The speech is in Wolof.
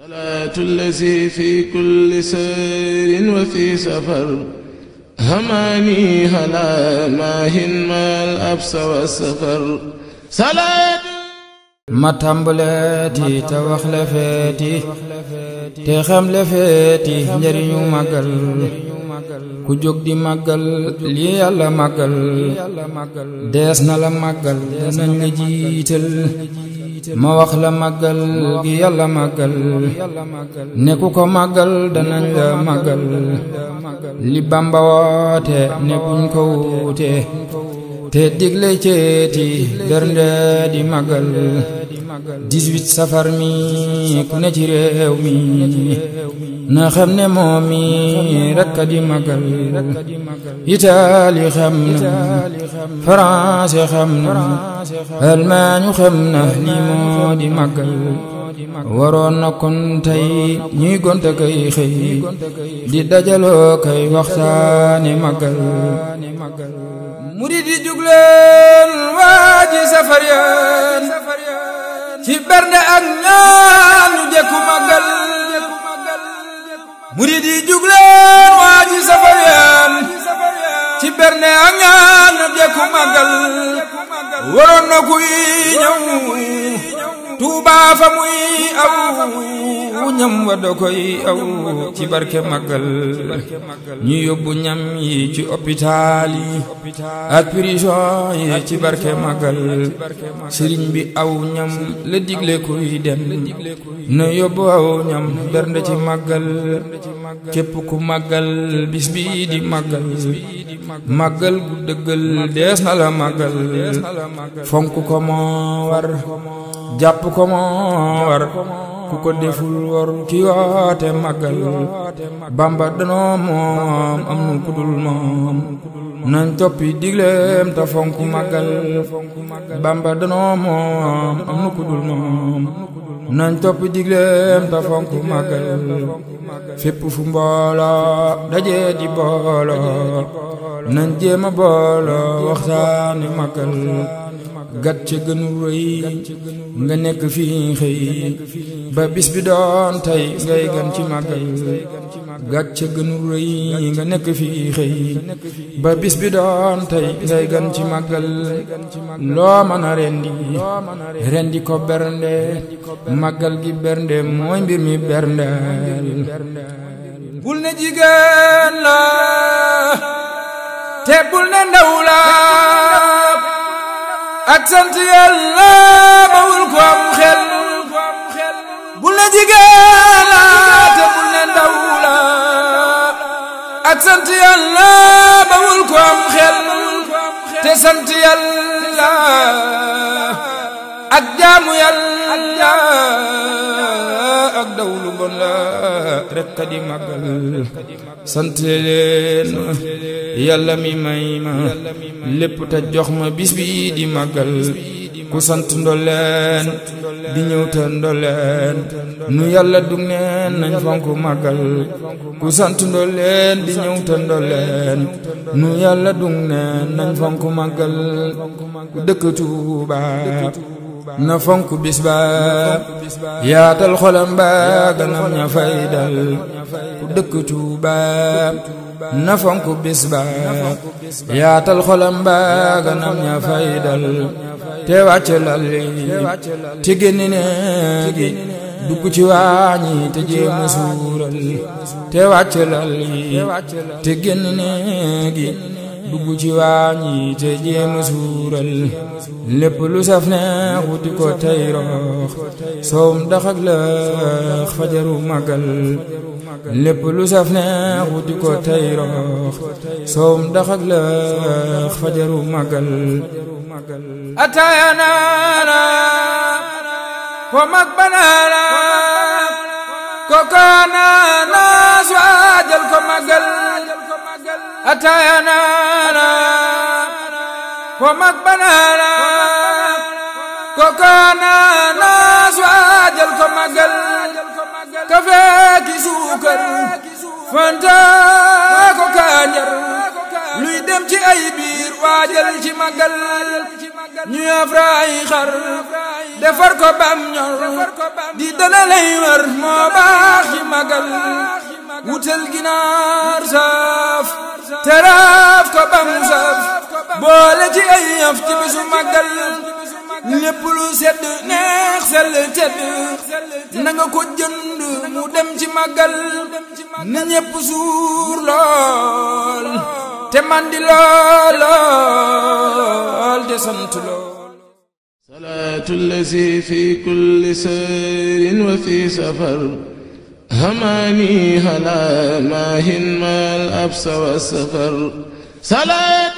salaatu lazi fi kulli sayrin wa fi safar hamaani halaa maahin maal absa wa safar salaatu ma tàmbaleeti te wax la feeti te xam la feeti njariñu màggal ku jóg di màggal lii yàlla màggal dees na la màggal danañ la jiital ma wax la màggal gi yàlla màggal ne ku ko màggal danañ la màggal li Bàmba woote ne buñ ko wuute te digle ceeti bernde di magal 18 safar mi ku ne ci réew mi na xam ne moom mi rekk di magal Italie xam na France xam na Allemagne xam na lii moo di magal waroon na kon tey ñuy gonta kay xëy di dajaloo kay waxtaane magal murid yi jugleen waaji safar yeen ci bernde ak ñaan ñu jekku màggal murid yi jugleen muy aw aw ñam wa dokoy aw ci barke màggal ñu yóbbu ñam yi ci hôpital yi ak prison yi ci barke màggal sëriñ bi aw ñam la digle kuy dem na yóbbu aw ñam bernde ci màggal képp ku màggal bis bi di màggal màggal gu dëggal dees na la màggal fonk ko moo war jàpp ko moo war ku ko deful warum ki woote màggal bamba danoo moom am nu ku dul moom nañ toppi digleem te fonku màggal bamba danoo moom am nu ku moom nañ toppi digleem te fonku màggal fépp fu mbooloo dajee di booloo nañ jéema booloo waxtaani màggal gat ca gënu rëy nga nekk fii xëy ba bis bi doon tey ngay gan ci màggal nekk fii ba bis bi doon tey ngay gan ci màggal loo mën a rendi rendi ko bernde màggal gi bernde mooy mbir mi berndeel bul ne jigéen la te ne ndaw la ak sant yàlla bawul ko am xel bu la jigéen te bu ne ndaw ak sant yàlla bawul ko am xel te sant yàlla ak jaamu yàlla ak daw lu bon la rekk di màggal sant leen yàlla mi may ma lépp te jox ma bis bi di màggal ku sant ndolleen di ñëw te ndolleen nu yàlla dug neen nañ fonk màggal ku sant ndolleen di ñëw te ndolleen nu yàlla dug neen nañ fonk màggal dëkk Tuuba na fonk bis ba yaatal xolam ba ganam ña ku dëkk Tuuba na fonk bis ba yaatal xolam ba ganam ña fay dal te wàcc lal te génn neegi dugg ci waañi te jéem te wàcc lal te génn neegi dugg ci waañi te jéema suural lépp lu saf neex wuti ko tey rox soom dax ak lëx fajaru màggal lépp lu saf neex wuti ko tey soom dax ak lëx fajaru màggal ataaya naana ko mag banaana ko kaana naas waajal ko أتانا ومقبنانا كوكانا ناس واجل كمقل كفاكي سوكر فانتا كوكانجر luy dem ci ay biir waajal ci magal ñu af raay xar defar ko bam ñor di dana lay war moo baax ci magal wutal ginaar saaf teraaf ko bam boole ci ay yëf ci bisu màggal lépp lu sedd neex sell tedd na ko jënd mu dem ci màggal na ñépp suur lool te mandi lool lool te sant lool salaatu lazi fi kulli sayrin wa fi safar هماني هلا ماهن ما الأبس والسفر صلاة